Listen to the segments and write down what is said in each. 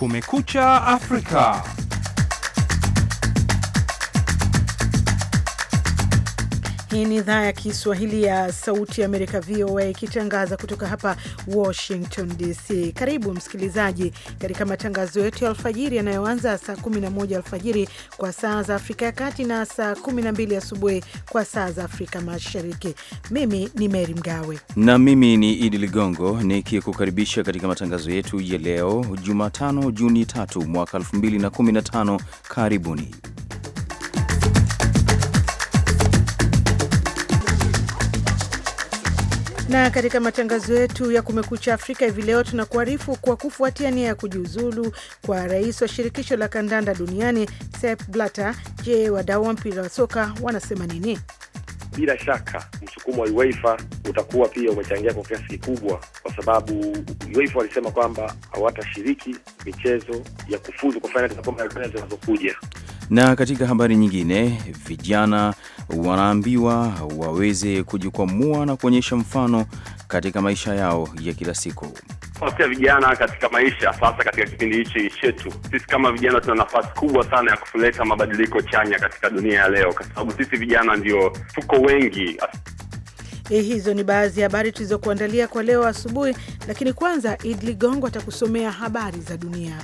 Kumekucha Afrika. Hii ni idhaa ya Kiswahili ya Sauti ya Amerika, VOA, ikitangaza kutoka hapa Washington DC. Karibu msikilizaji katika matangazo yetu ya alfajiri yanayoanza saa 11 alfajiri kwa saa za Afrika ya Kati na saa 12 asubuhi kwa saa za Afrika Mashariki. Mimi ni Meri Mgawe na mimi ni Idi Ligongo nikikukaribisha katika matangazo yetu ya leo Jumatano, Juni 3 mwaka 2015. Karibuni. Na katika matangazo yetu ya Kumekucha Afrika hivi leo tunakuarifu kwa kufuatia nia ya kujiuzulu kwa rais wa shirikisho la kandanda duniani Sepp Blatter. Je, wadau wa mpira wa soka wanasema nini? Bila shaka msukumo wa UEFA utakuwa pia umechangia kwa kiasi kikubwa, kwa sababu UEFA walisema kwamba hawatashiriki michezo ya kufuzu kwa fainali za kombe la dunia zinazokuja. Na katika habari nyingine, vijana wanaambiwa waweze kujikwamua na kuonyesha mfano katika maisha yao ya kila siku. Pia vijana katika maisha, sasa katika kipindi hichi chetu, sisi kama vijana tuna nafasi kubwa sana ya kuleta mabadiliko chanya katika dunia ya leo, kwa sababu sisi vijana ndio tuko wengi. Eh, hizo ni baadhi ya habari tulizokuandalia kwa leo asubuhi, lakini kwanza Idli Gongo atakusomea habari za dunia.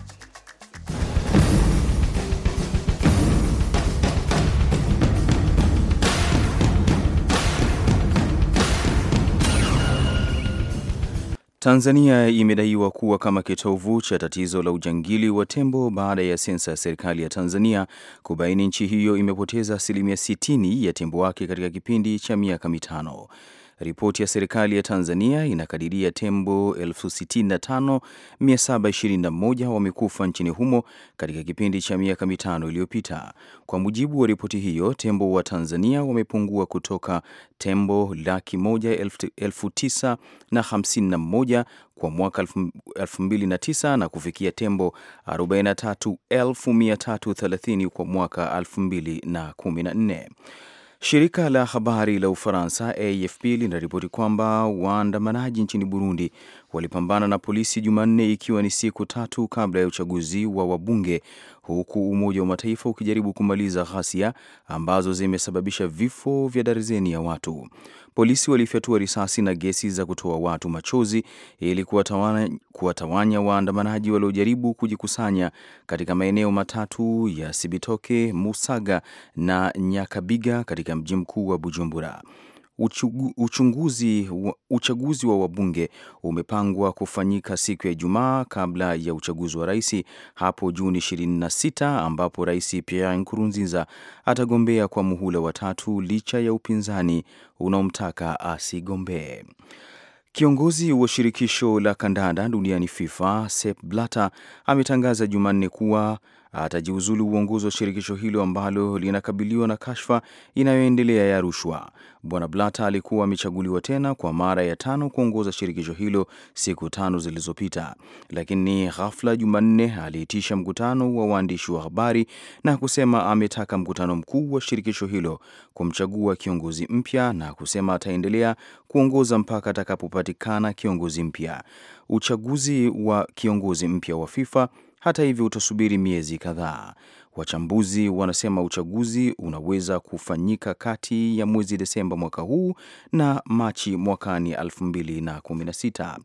Tanzania imedaiwa kuwa kama kitovu cha tatizo la ujangili wa tembo baada ya sensa ya serikali ya Tanzania kubaini nchi hiyo imepoteza asilimia 60 ya tembo wake katika kipindi cha miaka mitano. Ripoti ya serikali ya Tanzania inakadiria tembo 65721 wamekufa nchini humo katika kipindi cha miaka mitano iliyopita. Kwa mujibu wa ripoti hiyo, tembo wa Tanzania wamepungua kutoka tembo laki moja elfu tisa na hamsini na moja kwa mwaka 2009 na kufikia tembo 43330 kwa mwaka 2014. Shirika la habari la Ufaransa AFP linaripoti kwamba waandamanaji nchini Burundi walipambana na polisi Jumanne, ikiwa ni siku tatu kabla ya uchaguzi wa wabunge, huku Umoja wa Mataifa ukijaribu kumaliza ghasia ambazo zimesababisha vifo vya darzeni ya watu. Polisi walifyatua risasi na gesi za kutoa watu machozi ili kuwatawanya, kuwatawanya waandamanaji waliojaribu kujikusanya katika maeneo matatu ya Sibitoke, Musaga na Nyakabiga katika mji mkuu wa Bujumbura uchunguzi, uchaguzi wa wabunge umepangwa kufanyika siku ya Ijumaa kabla ya uchaguzi wa rais hapo Juni 26 ambapo Rais Pierre Nkurunziza atagombea kwa muhula wa tatu licha ya upinzani unaomtaka asigombee. Kiongozi wa shirikisho la kandanda duniani FIFA Sepp Blatter ametangaza Jumanne kuwa atajiuzulu uongozi wa shirikisho hilo ambalo linakabiliwa na kashfa inayoendelea ya rushwa. Bwana Blata alikuwa amechaguliwa tena kwa mara ya tano kuongoza shirikisho hilo siku tano zilizopita, lakini ghafla Jumanne aliitisha mkutano wa waandishi wa habari na kusema ametaka mkutano mkuu wa shirikisho hilo kumchagua kiongozi mpya na kusema ataendelea kuongoza mpaka atakapopatikana kiongozi mpya. Uchaguzi wa kiongozi mpya wa FIFA hata hivyo, utasubiri miezi kadhaa. Wachambuzi wanasema uchaguzi unaweza kufanyika kati ya mwezi Desemba mwaka huu na Machi mwakani 2016.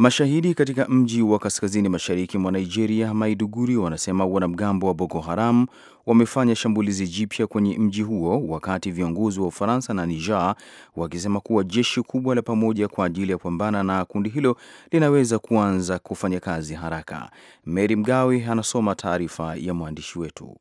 Mashahidi katika mji wa kaskazini mashariki mwa Nigeria, Maiduguri, wanasema wanamgambo wa Boko Haram wamefanya shambulizi jipya kwenye mji huo, wakati viongozi wa Ufaransa na Niger wakisema kuwa jeshi kubwa la pamoja kwa ajili ya kupambana na kundi hilo linaweza kuanza kufanya kazi haraka. Mary Mgawe anasoma taarifa ya mwandishi wetu.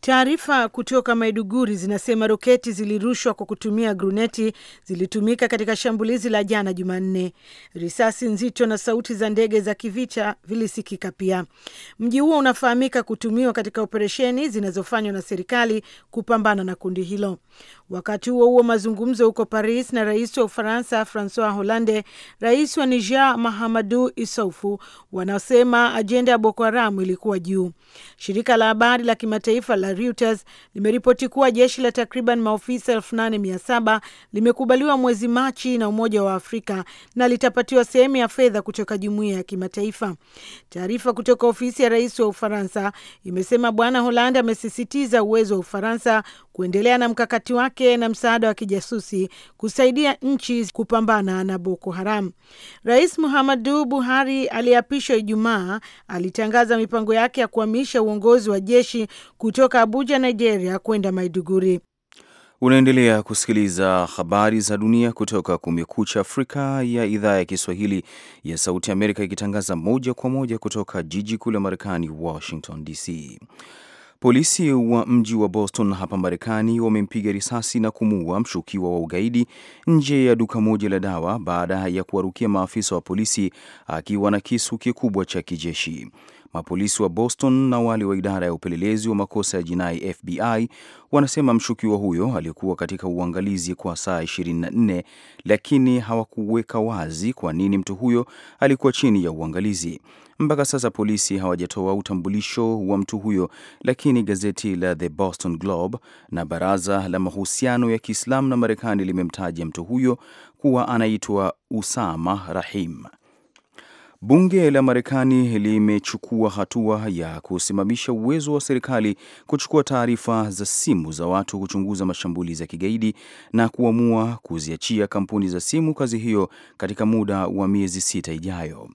Taarifa kutoka Maiduguri zinasema roketi zilirushwa kwa kutumia gruneti zilitumika katika shambulizi la jana Jumanne. Risasi nzito na sauti za ndege za kivita vilisikika pia. Mji huo unafahamika kutumiwa katika operesheni zinazofanywa na serikali kupambana na kundi hilo. Wakati huo huo, mazungumzo huko Paris na rais wa Ufaransa Francois Hollande, rais wa Niger Mahamadu Isoufu wanaosema ajenda ya Boko Haramu ilikuwa juu. Shirika la habari la kimataifa la Reuters limeripoti kuwa jeshi la takriban maofisa 87 limekubaliwa mwezi Machi na Umoja wa Afrika na litapatiwa sehemu ya fedha kutoka jumuiya ya kimataifa. Taarifa kutoka ofisi ya rais wa Ufaransa imesema Bwana Hollande amesisitiza uwezo wa Ufaransa kuendelea na mkakati wake wake na msaada wa kijasusi kusaidia nchi kupambana na Boko Haram. Rais Muhammadu Buhari aliyeapishwa Ijumaa alitangaza mipango yake ya kuhamisha uongozi wa jeshi kutoka Abuja, Nigeria kwenda Maiduguri. Unaendelea kusikiliza habari za dunia kutoka Kumekucha Afrika ya idhaa ya Kiswahili ya Sauti Amerika, ikitangaza moja kwa moja kutoka jiji kuu la Marekani, Washington DC. Polisi wa mji wa Boston hapa Marekani wamempiga risasi na kumuua mshukiwa wa ugaidi nje ya duka moja la dawa baada ya kuwarukia maafisa wa polisi akiwa na kisu kikubwa cha kijeshi. Mapolisi wa Boston na wale wa idara ya upelelezi wa makosa ya jinai FBI wanasema mshukiwa huyo alikuwa katika uangalizi kwa saa 24 lakini hawakuweka wazi kwa nini mtu huyo alikuwa chini ya uangalizi. Mpaka sasa polisi hawajatoa utambulisho wa mtu huyo, lakini gazeti la The Boston Globe na baraza la mahusiano ya Kiislamu na Marekani limemtaja mtu huyo kuwa anaitwa Usama Rahim. Bunge la Marekani limechukua hatua ya kusimamisha uwezo wa serikali kuchukua taarifa za simu za watu kuchunguza mashambulizi ya kigaidi na kuamua kuziachia kampuni za simu kazi hiyo katika muda wa miezi sita ijayo.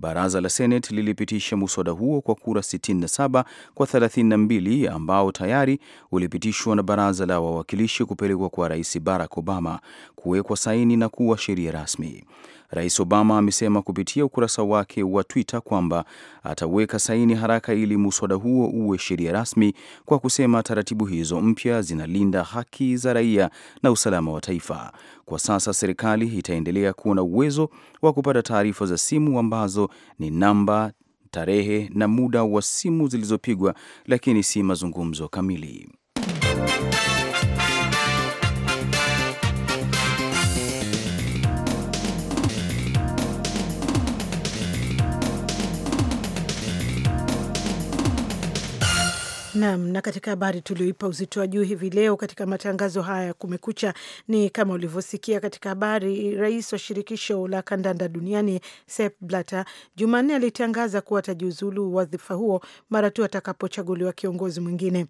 Baraza la Seneti lilipitisha muswada huo kwa kura 67 kwa 32 ambao tayari ulipitishwa na baraza la wawakilishi kupelekwa kwa Rais Barack Obama kuwekwa saini na kuwa sheria rasmi. Rais Obama amesema kupitia ukurasa wake wa Twitter kwamba ataweka saini haraka ili muswada huo uwe sheria rasmi kwa kusema taratibu hizo mpya zinalinda haki za raia na usalama wa taifa. Kwa sasa serikali itaendelea kuwa na uwezo wa kupata taarifa za simu ambazo ni namba, tarehe na muda wa simu zilizopigwa, lakini si mazungumzo kamili. Naam, na katika habari tulioipa uzito wa juu hivi leo katika matangazo haya ya Kumekucha ni kama ulivyosikia katika habari, rais wa shirikisho la kandanda duniani Sepp Blatter Jumanne alitangaza kuwa atajiuzulu wadhifa huo mara tu atakapochaguliwa kiongozi mwingine.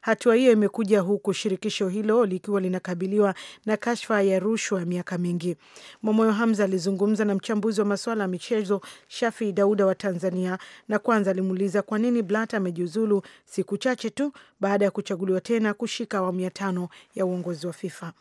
Hatua hiyo imekuja huku shirikisho hilo likiwa linakabiliwa na kashfa ya rushwa ya miaka mingi. Mwamoyo Hamza alizungumza na mchambuzi wa masuala ya michezo Shafi Dauda wa Tanzania, na kwanza alimuuliza kwa nini Blatter amejiuzulu siku chache tu baada ya kuchaguliwa tena kushika awamu ya tano ya uongozi wa FIFA.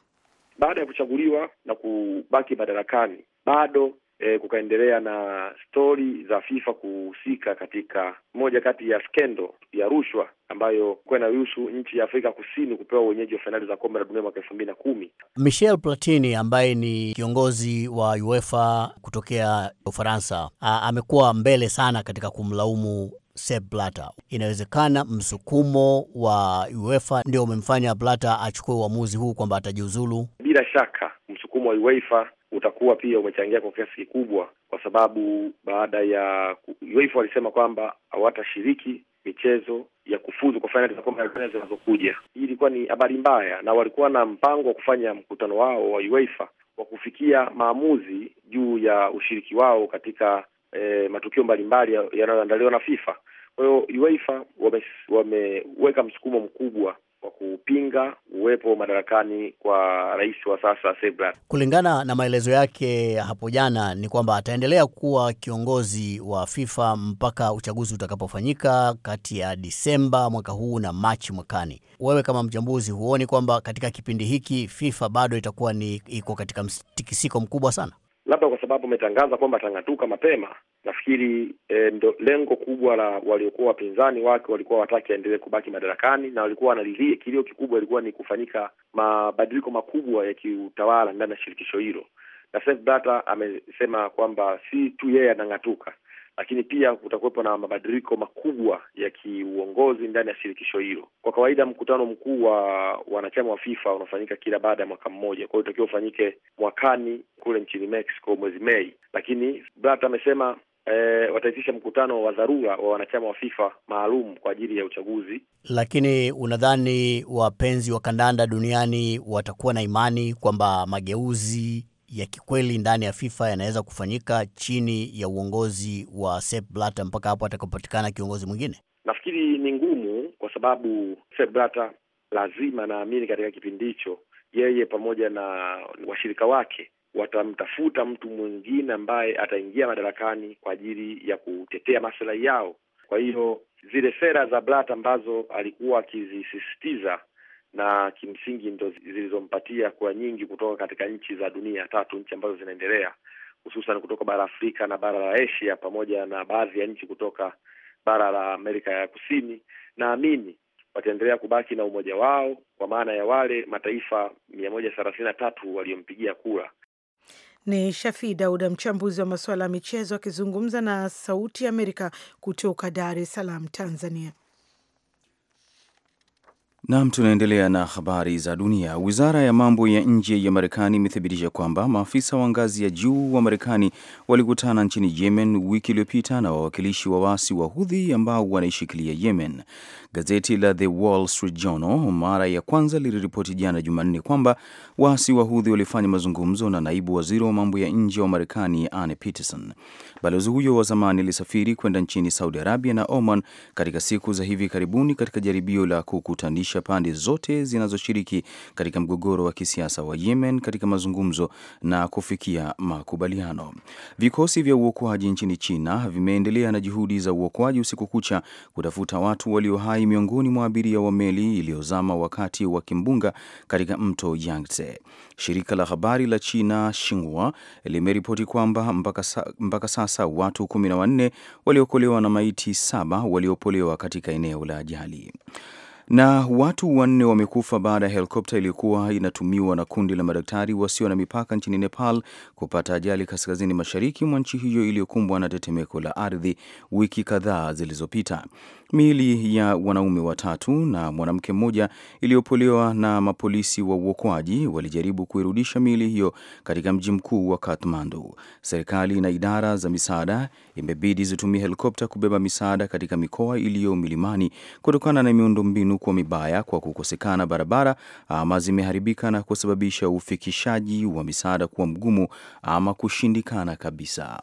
Baada ya kuchaguliwa na kubaki madarakani, bado E, kukaendelea na stori za FIFA kuhusika katika moja kati ya skendo ya rushwa ambayo kuwa inahusu nchi ya Afrika Kusini kupewa wenyeji wa fainali za kombe la dunia mwaka elfu mbili na kumi. Michel Platini ambaye ni kiongozi wa UEFA kutokea Ufaransa amekuwa mbele sana katika kumlaumu Sepp Blatter. Inawezekana msukumo wa UEFA ndio umemfanya Blatter achukue uamuzi huu kwamba atajiuzulu. Bila shaka msukumo wa UEFA utakuwa pia umechangia kwa kiasi kikubwa, kwa sababu baada ya UEFA walisema kwamba hawatashiriki michezo ya kufuzu kwa fainali za kombe la dunia zinazokuja. Hii ilikuwa ni habari mbaya, na walikuwa na mpango wa kufanya mkutano wao wa UEFA wa kufikia maamuzi juu ya ushiriki wao katika e, matukio mbalimbali yanayoandaliwa na FIFA. Kwa hiyo UEFA wameweka msukumo mkubwa wa kupinga uwepo madarakani kwa rais wa sasa Sebra. Kulingana na maelezo yake hapo jana, ni kwamba ataendelea kuwa kiongozi wa FIFA mpaka uchaguzi utakapofanyika kati ya Disemba mwaka huu na Machi mwakani. Wewe kama mchambuzi, huoni kwamba katika kipindi hiki FIFA bado itakuwa ni iko katika mtikisiko mkubwa sana? labda kwa sababu ametangaza kwamba atang'atuka mapema. Nafikiri e, ndo lengo kubwa la waliokuwa wapinzani wake, walikuwa wataki aendelee kubaki madarakani, na walikuwa wanalilia, kilio kikubwa ilikuwa ni kufanyika mabadiliko makubwa ya kiutawala ndani ya shirikisho hilo, na Sepp Blatter amesema kwamba si tu yeye anang'atuka, lakini pia kutakuwepo na mabadiliko makubwa ya kiuongozi ndani ya shirikisho hilo. Kwa kawaida mkutano mkuu wa wanachama wa FIFA unafanyika kila baada ya mwaka mmoja, kwa hiyo utakiwa ufanyike mwakani kule nchini Mexico mwezi Mei, lakini Blatter amesema E, wataitisha mkutano wa dharura wa wanachama wa FIFA maalum kwa ajili ya uchaguzi. Lakini unadhani wapenzi wa kandanda duniani watakuwa na imani kwamba mageuzi ya kikweli ndani ya FIFA yanaweza kufanyika chini ya uongozi wa Sepp Blatter mpaka hapo atakapopatikana kiongozi mwingine? Nafikiri ni ngumu, kwa sababu Sepp Blatter lazima, naamini katika kipindi hicho yeye pamoja na washirika wake watamtafuta mtu mwingine ambaye ataingia madarakani kwa ajili ya kutetea maslahi yao. Kwa hiyo zile sera za Blatter ambazo alikuwa akizisisitiza na kimsingi ndo zilizompatia kura nyingi kutoka katika nchi za dunia tatu, nchi ambazo zinaendelea hususan kutoka bara Afrika na bara la Asia pamoja na baadhi ya nchi kutoka bara la Amerika ya Kusini. Naamini wataendelea kubaki na umoja wao kwa maana ya wale mataifa mia moja thelathini na tatu waliompigia kura. Ni shafi Dauda, mchambuzi wa masuala ya michezo, akizungumza na Sauti ya Amerika kutoka Dar es Salaam, Tanzania. Nam, tunaendelea na habari za dunia. Wizara ya mambo ya nje ya Marekani imethibitisha kwamba maafisa wa ngazi ya juu wa Marekani walikutana nchini Yemen wiki iliyopita na wawakilishi wa waasi wa Hudhi ambao wanaishikilia Yemen. Gazeti la The Wall Street Journal mara ya kwanza liliripoti jana Jumanne kwamba waasi wa hudhi walifanya mazungumzo na naibu waziri wa mambo ya nje wa Marekani Anne Peterson. Balozi huyo wa zamani alisafiri kwenda nchini Saudi Arabia na Oman katika siku za hivi karibuni katika jaribio la kukutanisha pande zote zinazoshiriki katika mgogoro wa kisiasa wa Yemen katika mazungumzo na kufikia makubaliano. Vikosi vya uokoaji nchini China vimeendelea na juhudi za uokoaji usiku kucha kutafuta watu walio hai ni miongoni mwa abiria wa meli iliyozama wakati wa kimbunga katika mto Yangtze. Shirika la habari la China Xinhua limeripoti kwamba mpaka, sa, mpaka sasa watu wanne waliokolewa na maiti saba waliopolewa katika eneo la ajali. Na watu wanne wamekufa baada ya helikopta iliyokuwa inatumiwa na kundi la madaktari wasio na mipaka nchini Nepal kupata ajali kaskazini mashariki mwa nchi hiyo iliyokumbwa na tetemeko la ardhi wiki kadhaa zilizopita. Miili ya wanaume watatu na mwanamke mmoja iliyopolewa na mapolisi wa uokoaji walijaribu kuirudisha miili hiyo katika mji mkuu wa Kathmandu. Serikali na idara za misaada imebidi zitumie helikopta kubeba misaada katika mikoa iliyo milimani kutokana na miundombinu imekuwa mibaya kwa kukosekana barabara ama zimeharibika na kusababisha ufikishaji wa misaada kuwa mgumu ama kushindikana kabisa.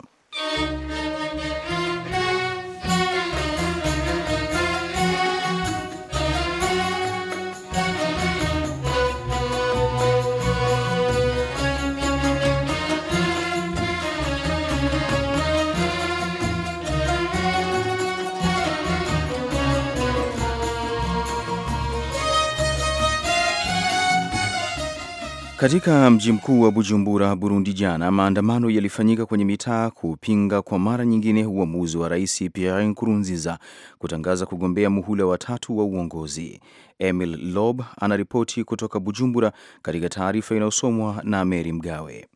Katika mji mkuu wa Bujumbura, Burundi, jana maandamano yalifanyika kwenye mitaa kupinga kwa mara nyingine uamuzi wa Rais Pierre Nkurunziza kutangaza kugombea muhula wa tatu wa uongozi. Emil Lob anaripoti kutoka Bujumbura katika taarifa inayosomwa na Meri Mgawe.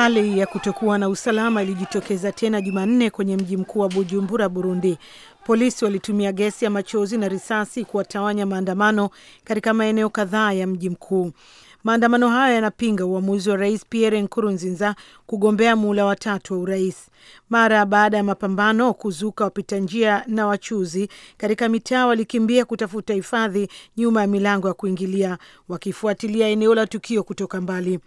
Hali ya kutokuwa na usalama ilijitokeza tena Jumanne kwenye mji mkuu wa Bujumbura, Burundi. Polisi walitumia gesi ya machozi na risasi kuwatawanya maandamano katika maeneo kadhaa ya mji mkuu. Maandamano hayo yanapinga uamuzi wa rais Pierre Nkurunziza kugombea muhula watatu wa urais mara baada ya mapambano kuzuka. Wapita njia na wachuzi katika mitaa walikimbia kutafuta hifadhi nyuma ya milango ya kuingilia, wakifuatilia eneo la tukio kutoka mbali,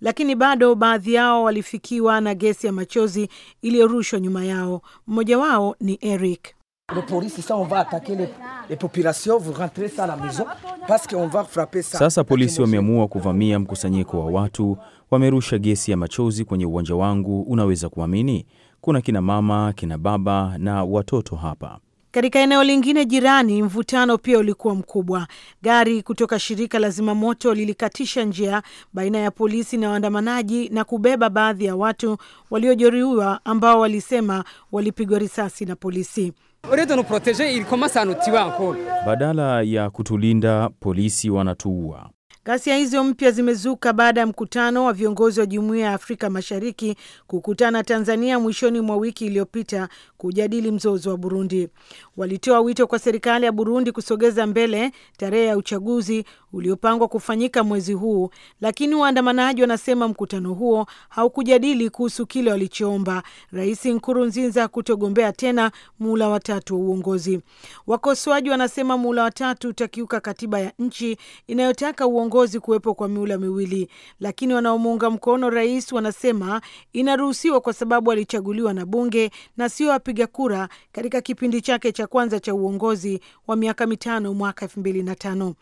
lakini bado baadhi yao walifikiwa na gesi ya machozi iliyorushwa nyuma yao. Mmoja wao ni Eric. Le ça on va attaquer les, les populations, vous rentrez ça à la maison parce qu'on va frapper ça. Sasa polisi wameamua kuvamia mkusanyiko wa watu, wamerusha gesi ya machozi kwenye uwanja wangu. Unaweza kuamini? Kuna kina mama, kina baba na watoto hapa. Katika eneo lingine jirani, mvutano pia ulikuwa mkubwa. Gari kutoka shirika la zimamoto lilikatisha njia baina ya polisi na waandamanaji na kubeba baadhi ya watu waliojeruhiwa ambao walisema walipigwa risasi na polisi. Badala ya kutulinda, polisi wanatuua. Ghasia hizo mpya zimezuka baada ya mkutano wa viongozi wa Jumuiya ya Afrika Mashariki kukutana Tanzania mwishoni mwa wiki iliyopita kujadili mzozo wa Burundi. Walitoa wito kwa serikali ya Burundi kusogeza mbele tarehe ya uchaguzi uliopangwa kufanyika mwezi huu, lakini waandamanaji wanasema mkutano huo haukujadili kuhusu kile walichoomba Rais Nkurunziza kutogombea tena muhula watatu wa uongozi. Wakosoaji wanasema muhula watatu utakiuka katiba ya nchi inayotaka uongozi kuwepo kwa miula miwili, lakini wanaomuunga mkono rais wanasema inaruhusiwa kwa sababu alichaguliwa na bunge na sio wapiga kura katika kipindi chake cha kwanza cha uongozi wa miaka mitano mwaka elfu mbili na tano.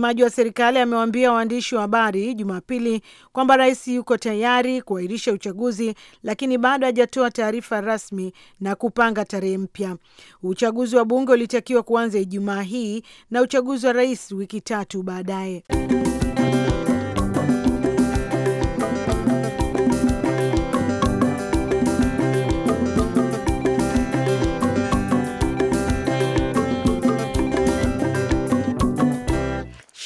Msemaji wa serikali amewaambia waandishi wa habari Jumapili kwamba rais yuko tayari kuahirisha uchaguzi, lakini bado hajatoa taarifa rasmi na kupanga tarehe mpya. Uchaguzi wa bunge ulitakiwa kuanza Ijumaa hii na uchaguzi wa rais wiki tatu baadaye.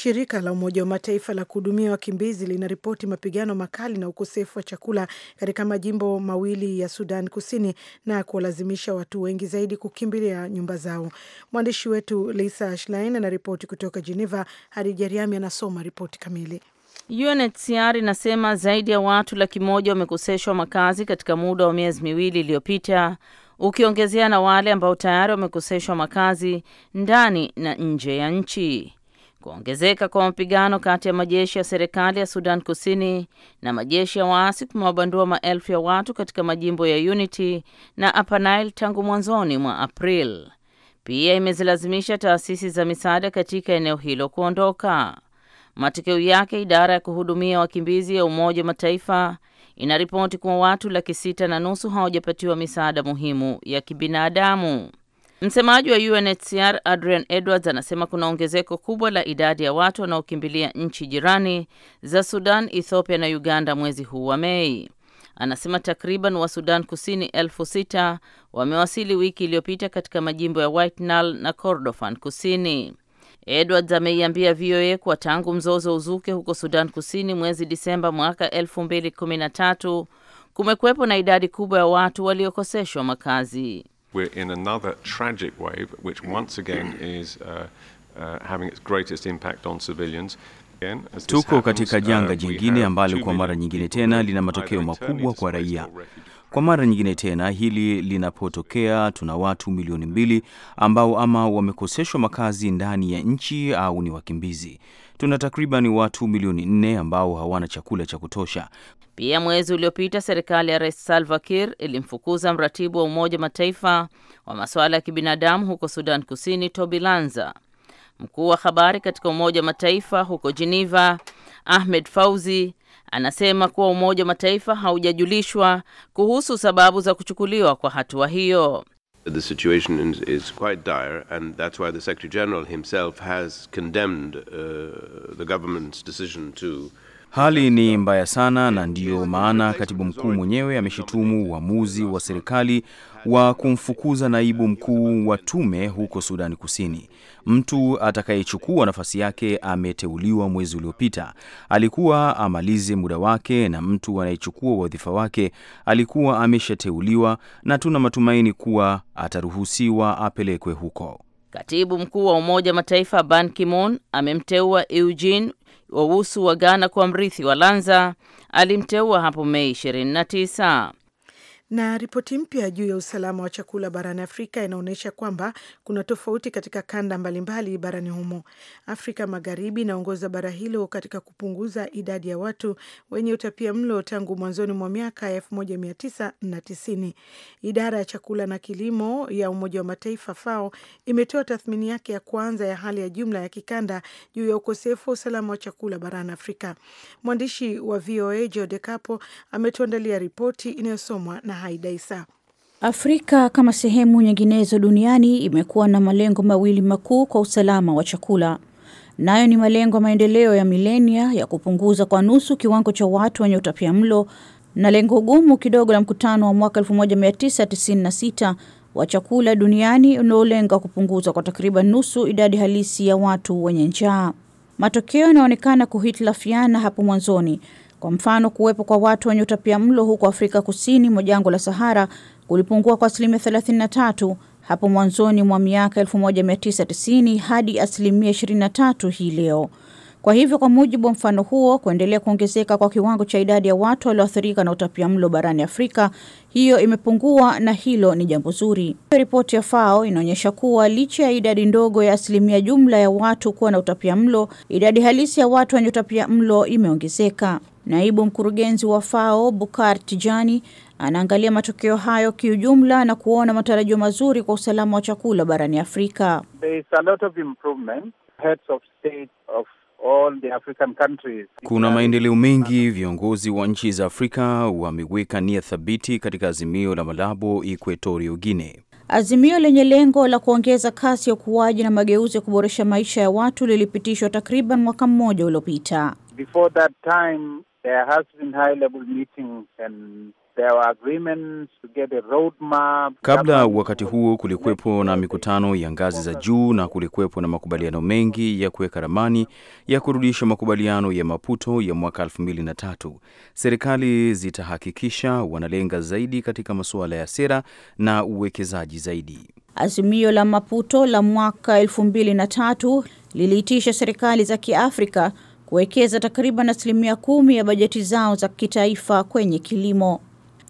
Shirika la Umoja wa Mataifa la kuhudumia wakimbizi linaripoti mapigano makali na ukosefu wa chakula katika majimbo mawili ya Sudan Kusini na kuwalazimisha watu wengi zaidi kukimbilia nyumba zao. Mwandishi wetu Lisa schlein anaripoti kutoka Geneva. Hadija Riami anasoma ripoti kamili. UNHCR inasema zaidi ya watu laki moja wamekoseshwa makazi katika muda wa miezi miwili iliyopita ukiongezea na wale ambao tayari wamekoseshwa makazi ndani na nje ya nchi. Kuongezeka kwa mapigano kati ya majeshi ya serikali ya Sudan Kusini na majeshi ya waasi kumewabandua maelfu ya watu katika majimbo ya Unity na Upper Nile tangu mwanzoni mwa April. Pia imezilazimisha taasisi za misaada katika eneo hilo kuondoka. Matokeo yake, idara ya kuhudumia wakimbizi ya Umoja wa Mataifa inaripoti kuwa watu laki sita na nusu hawajapatiwa misaada muhimu ya kibinadamu. Msemaji wa UNHCR Adrian Edwards anasema kuna ongezeko kubwa la idadi ya watu wanaokimbilia nchi jirani za Sudan, Ethiopia na Uganda mwezi huu wa Mei. Anasema takriban wa Sudan Kusini elfu sita wamewasili wiki iliyopita katika majimbo ya White Nile na Kordofan Kusini. Edwards ameiambia VOA kuwa tangu mzozo uzuke huko Sudan Kusini mwezi Disemba mwaka 2013 kumekuwepo na idadi kubwa ya watu waliokoseshwa makazi we're in another tragic wave, which once again is uh, uh, having its greatest impact on civilians. tuko katika uh, janga jingine ambalo kwa mara nyingine tena lina matokeo makubwa kwa raia. Kwa mara nyingine tena hili linapotokea, tuna watu milioni mbili ambao ama wamekoseshwa makazi ndani ya nchi au ni wakimbizi. Tuna takriban watu milioni nne ambao hawana chakula cha kutosha. Pia mwezi uliopita serikali ya Rais Salva Kiir ilimfukuza mratibu wa Umoja Mataifa wa masuala ya kibinadamu huko Sudan Kusini, Toby Lanza. Mkuu wa habari katika Umoja wa Mataifa huko Geneva, Ahmed Fauzi, anasema kuwa Umoja wa Mataifa haujajulishwa kuhusu sababu za kuchukuliwa kwa hatua hiyo. The situation is quite dire and that's why the Secretary General himself has condemned uh, the government's decision to Hali ni mbaya sana, na ndiyo maana katibu mkuu mwenyewe ameshitumu uamuzi wa serikali wa kumfukuza naibu mkuu wa tume huko Sudani Kusini. Mtu atakayechukua nafasi yake ameteuliwa mwezi uliopita, alikuwa amalize muda wake, na mtu anayechukua wadhifa wake alikuwa ameshateuliwa, na tuna matumaini kuwa ataruhusiwa apelekwe huko. Katibu mkuu wa Umoja wa Mataifa Ban Ki-moon amemteua Eugene Wowusu wa Ghana kwa mrithi wa Lanza alimteua hapo Mei 29. Na ripoti mpya juu ya usalama wa chakula barani Afrika inaonyesha kwamba kuna tofauti katika kanda mbalimbali barani humo. Afrika Magharibi inaongoza bara hilo katika kupunguza idadi ya watu wenye utapia mlo tangu mwanzoni mwa miaka ya 1990. Idara ya chakula na kilimo ya Umoja wa Mataifa FAO imetoa tathmini yake ya kwanza ya hali ya jumla ya kikanda juu ya ukosefu wa usalama wa chakula barani Afrika. Mwandishi wa VOA Jode Kapo ametuandalia ripoti inayosomwa na Haida Isa. Afrika kama sehemu nyinginezo duniani imekuwa na malengo mawili makuu kwa usalama wa chakula, nayo ni malengo ya maendeleo ya milenia ya kupunguza kwa nusu kiwango cha watu wenye utapia mlo na lengo gumu kidogo la mkutano wa mwaka 1996 wa chakula duniani unaolenga kupunguza kwa takriban nusu idadi halisi ya watu wenye njaa. Matokeo yanaonekana kuhitilafiana hapo mwanzoni, kwa mfano, kuwepo kwa watu wenye utapia mlo huko Afrika Kusini mwa jangwa la Sahara kulipungua kwa asilimia 33 hapo mwanzoni mwa miaka 1990 hadi asilimia 23 hii leo. Kwa hivyo, kwa mujibu wa mfano huo, kuendelea kuongezeka kwa kiwango cha idadi ya watu walioathirika na utapia mlo barani Afrika, hiyo imepungua na hilo ni jambo zuri. Ripoti ya FAO inaonyesha kuwa licha ya idadi ndogo ya asilimia jumla ya watu kuwa na utapia mlo, idadi halisi ya watu wenye utapia mlo imeongezeka. Naibu mkurugenzi wa FAO Bukar Tijani anaangalia matokeo hayo kiujumla na kuona matarajio mazuri kwa usalama wa chakula barani Afrika. Kuna maendeleo mengi. Viongozi wa nchi za Afrika wameweka nia thabiti katika azimio la Malabo, Equatorio Guine, azimio lenye lengo la kuongeza kasi ya ukuaji na mageuzi ya kuboresha maisha ya watu lilipitishwa takriban mwaka mmoja uliopita. Before that time There has been high level meetings and Kabla wakati huo kulikuwepo na mikutano ya ngazi za juu na kulikuwepo na makubaliano mengi ya kuweka ramani ya kurudisha makubaliano ya Maputo ya mwaka elfu mbili na tatu. Serikali zitahakikisha wanalenga zaidi katika masuala ya sera na uwekezaji zaidi. Azimio la Maputo la mwaka elfu mbili na tatu liliitisha serikali za Kiafrika kuwekeza takriban asilimia kumi ya bajeti zao za kitaifa kwenye kilimo.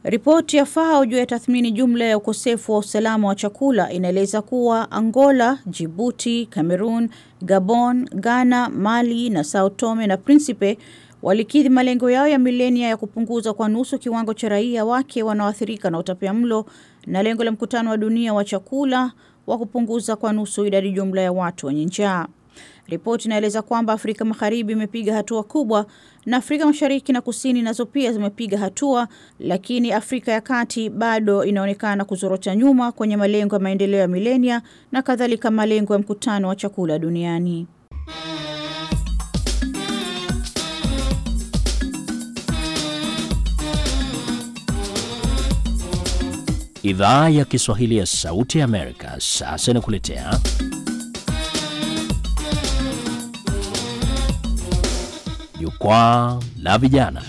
Ripoti ya FAO juu ya tathmini jumla ya ukosefu wa usalama wa chakula inaeleza kuwa Angola, jibuti Cameroon, Gabon, Ghana, Mali na Sao Tome na Principe walikidhi malengo yao ya milenia ya kupunguza kwa nusu kiwango cha raia wake wanaoathirika na utapiamlo na lengo la mkutano wa dunia wa chakula wa kupunguza kwa nusu idadi jumla ya watu wenye njaa. Ripoti inaeleza kwamba Afrika Magharibi imepiga hatua kubwa na Afrika Mashariki na Kusini nazo pia zimepiga hatua, lakini Afrika ya Kati bado inaonekana kuzorota nyuma kwenye malengo ya maendeleo ya milenia na kadhalika malengo ya mkutano wa chakula duniani. Idhaa ya Kiswahili ya Sauti ya Amerika sasa inakuletea Jukwaa la Vijana.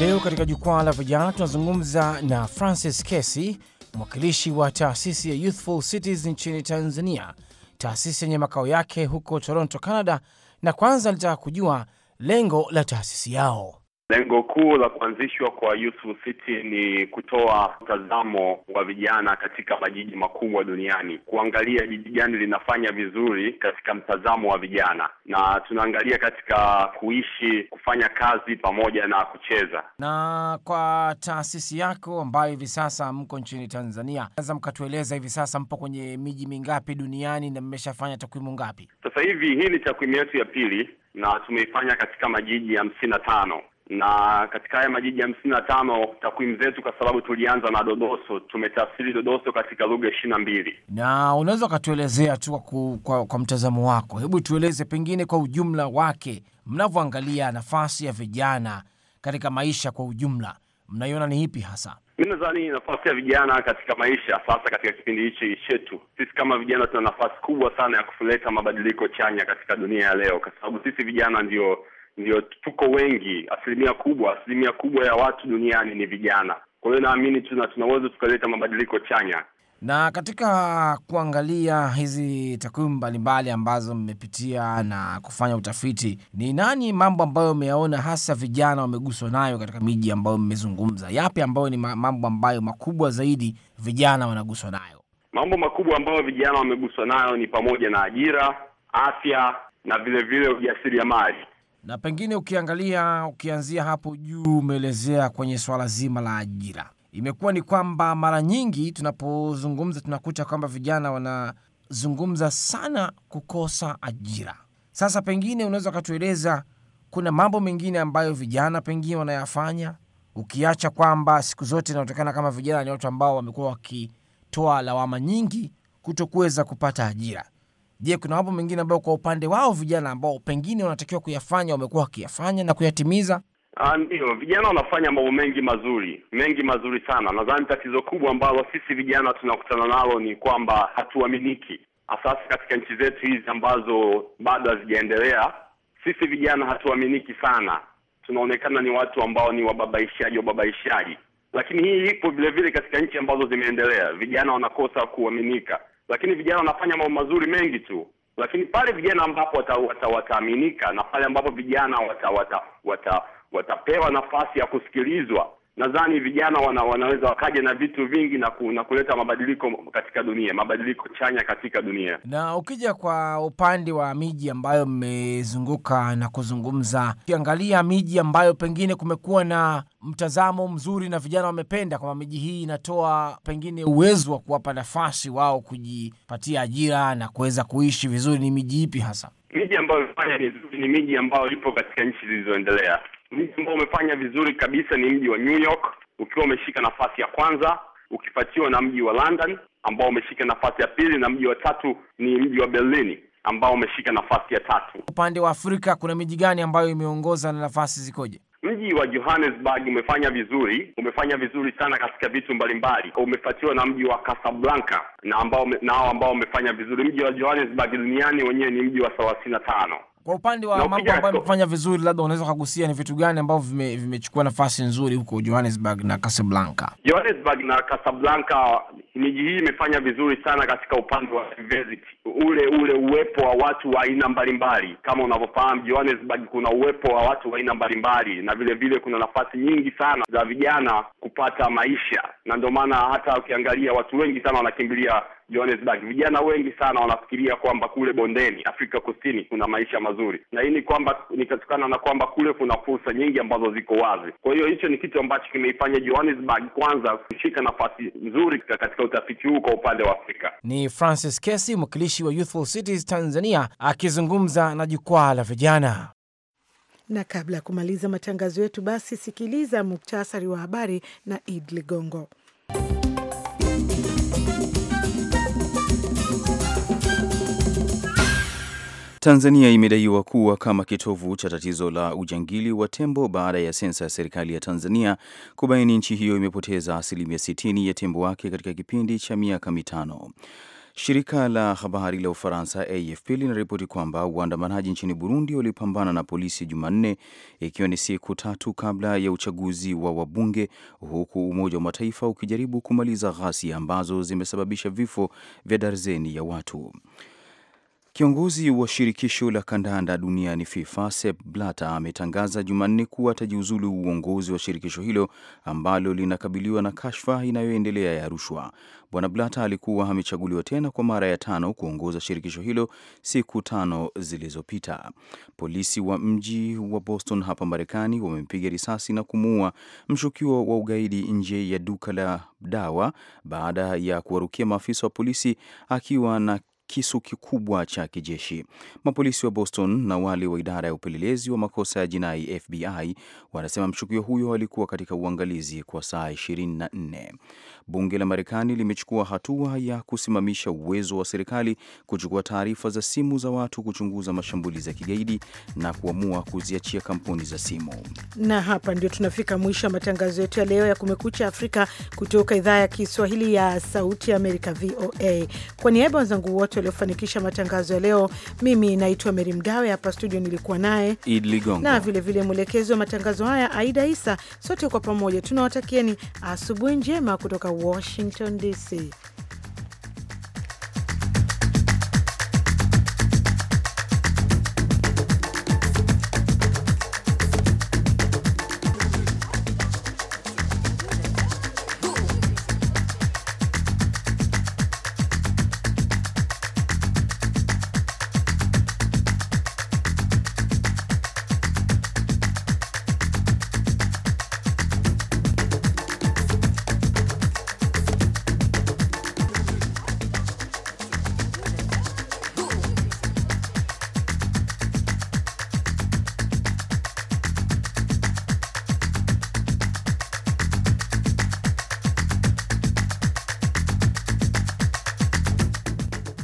Leo katika Jukwaa la Vijana tunazungumza na Francis Kesi, mwakilishi wa taasisi ya Youthful Cities nchini Tanzania, taasisi yenye makao yake huko Toronto, Canada, na kwanza alitaka kujua lengo la taasisi yao. Lengo kuu la kuanzishwa kwa Youth City ni kutoa mtazamo wa vijana katika majiji makubwa duniani, kuangalia jiji gani linafanya vizuri katika mtazamo wa vijana, na tunaangalia katika kuishi, kufanya kazi pamoja na kucheza. Na kwa taasisi yako ambayo hivi sasa mko nchini Tanzania, naweza mkatueleza hivi sasa mpo kwenye miji mingapi duniani na mmeshafanya takwimu ngapi sasa hivi? Hii ni takwimu yetu ya pili na tumeifanya katika majiji hamsini na tano na katika haya majiji hamsini na tano takwimu zetu, kwa sababu tulianza na dodoso, tumetafsiri dodoso katika lugha ishirini na mbili na unaweza ukatuelezea tu kwa, kwa, kwa mtazamo wako, hebu tueleze pengine kwa ujumla wake mnavyoangalia nafasi ya vijana katika maisha kwa ujumla, mnaiona ni ipi hasa? Mi nadhani nafasi ya vijana katika maisha sasa, katika kipindi hichi chetu, sisi kama vijana tuna nafasi kubwa sana ya kuleta mabadiliko chanya katika dunia ya leo, kwa sababu sisi vijana ndio ndio tuko wengi, asilimia kubwa, asilimia kubwa ya watu duniani ni vijana. Kwa hiyo naamini tuna tunaweza tukaleta mabadiliko chanya. Na katika kuangalia hizi takwimu mbalimbali ambazo mmepitia na kufanya utafiti, ni nani mambo ambayo umeyaona hasa vijana wameguswa nayo katika miji ambayo mmezungumza? Yapi ambayo ni mambo ambayo makubwa zaidi vijana wanaguswa nayo? Mambo makubwa ambayo vijana wameguswa nayo ni pamoja na ajira, afya na vilevile ujasiriamali. Na pengine ukiangalia, ukianzia hapo juu, umeelezea kwenye swala zima la ajira, imekuwa ni kwamba mara nyingi tunapozungumza tunakuta kwamba vijana wanazungumza sana kukosa ajira. Sasa pengine unaweza ukatueleza kuna mambo mengine ambayo vijana pengine wanayafanya, ukiacha kwamba siku zote inaonekana kama vijana ni watu ambao wamekuwa wakitoa lawama nyingi kutokuweza kupata ajira. Je, kuna mambo mengine ambayo kwa upande wao vijana ambao pengine wanatakiwa kuyafanya wamekuwa wakiyafanya na kuyatimiza? Ah, ndio vijana wanafanya mambo mengi mazuri, mengi mazuri sana. Nadhani tatizo kubwa ambalo sisi vijana tunakutana nalo ni kwamba hatuaminiki, hasa katika nchi zetu hizi ambazo bado hazijaendelea. Sisi vijana hatuaminiki sana, tunaonekana ni watu ambao ni wababaishaji, wababaishaji. Lakini hii ipo vile vile katika nchi ambazo zimeendelea, vijana wanakosa kuaminika lakini vijana wanafanya mambo mazuri mengi tu, lakini pale vijana ambapo wataaminika wata, wata na pale ambapo vijana watapewa wata, wata, wata nafasi ya kusikilizwa nadhani vijana wana, wanaweza wakaja na vitu vingi na, ku, na kuleta mabadiliko katika dunia, mabadiliko chanya katika dunia. Na ukija kwa upande wa miji ambayo mmezunguka na kuzungumza, ukiangalia miji ambayo pengine kumekuwa na mtazamo mzuri na vijana wamependa kwamba miji hii inatoa pengine uwezo wa kuwapa nafasi wao kujipatia ajira na kuweza kuishi vizuri, ni miji ipi hasa? Miji ambayo imefanya vizuri ni miji ambayo ipo katika nchi zilizoendelea mji ambao umefanya vizuri kabisa ni mji wa New York ukiwa umeshika nafasi ya kwanza ukifuatiwa na mji wa London ambao umeshika nafasi ya pili na mji wa tatu ni mji wa Berlin ambao umeshika nafasi ya tatu. Upande wa Afrika kuna miji gani ambayo imeongoza na nafasi zikoje? Mji wa Johannesburg umefanya vizuri, umefanya vizuri sana katika vitu mbalimbali. Umefuatiwa na mji wa Casablanca na ambao nao ambao umefanya vizuri. Mji wa Johannesburg duniani wenyewe ni mji wa thelathini na tano. Kwa upande wa mambo ambayo amefanya vizuri, labda unaweza kugusia ni vitu gani ambavyo vimechukua vime nafasi nzuri huko Johannesburg na Casablanca? Johannesburg na Casablanca, miji hii imefanya vizuri sana katika upande wa diversity ule ule uwepo wa watu wa aina mbalimbali. Kama unavyofahamu, Johannesburg kuna uwepo wa watu wa aina mbalimbali, na vile vile kuna nafasi nyingi sana za vijana kupata maisha, na ndio maana hata ukiangalia watu wengi sana wanakimbilia Johannesburg. Vijana wengi sana wanafikiria kwamba kule bondeni Afrika Kusini kuna maisha mazuri, na hii ni kwamba nikatokana na kwamba kule kuna fursa nyingi ambazo ziko wazi. Kwa hiyo hicho ni kitu ambacho kimeifanya Johannesburg kwanza kushika nafasi nzuri katika utafiti huu kwa upande wa Afrika. Ni Francis Kesi, mwakilishi mwakilishi wa Youthful Cities Tanzania akizungumza na jukwaa la vijana. Na kabla ya kumaliza matangazo yetu, basi sikiliza muktasari wa habari na Id Ligongo. Tanzania imedaiwa kuwa kama kitovu cha tatizo la ujangili wa tembo baada ya sensa ya serikali ya Tanzania kubaini nchi hiyo imepoteza asilimia 60 ya tembo wake katika kipindi cha miaka mitano. Shirika la habari la Ufaransa AFP linaripoti kwamba waandamanaji nchini Burundi walipambana na polisi Jumanne, ikiwa ni siku tatu kabla ya uchaguzi wa wabunge, huku Umoja wa Mataifa ukijaribu kumaliza ghasia ambazo zimesababisha vifo vya darzeni ya watu. Kiongozi wa shirikisho la kandanda duniani FIFA Sepp Blatter ametangaza Jumanne kuwa atajiuzulu uongozi wa shirikisho hilo ambalo linakabiliwa na kashfa inayoendelea ya rushwa. Bwana Blatter alikuwa amechaguliwa tena kwa mara ya tano kuongoza shirikisho hilo siku tano zilizopita. Polisi wa mji wa Boston hapa Marekani wamempiga risasi na kumuua mshukiwa wa ugaidi nje ya duka la dawa baada ya kuwarukia maafisa wa polisi akiwa na kisu kikubwa cha kijeshi. Mapolisi wa Boston na wale wa idara ya upelelezi wa makosa ya jinai FBI wanasema mshukiwa huyo alikuwa katika uangalizi kwa saa 24 bunge la Marekani limechukua hatua ya kusimamisha uwezo wa serikali kuchukua taarifa za simu za watu kuchunguza mashambulizi ya kigaidi na kuamua kuziachia kampuni za simu. Na hapa ndio tunafika mwisho wa matangazo yetu ya leo ya Kumekucha Afrika kutoka idhaa ya Kiswahili ya Sauti ya Amerika, VOA. Kwa niaba wenzangu wote waliofanikisha matangazo ya leo, mimi naitwa Meri Mgawe. Hapa studio nilikuwa naye Ligongo na vilevile mwelekezi wa matangazo haya Aida Isa. Sote kwa pamoja tunawatakieni asubuhi njema kutoka Washington, D.C.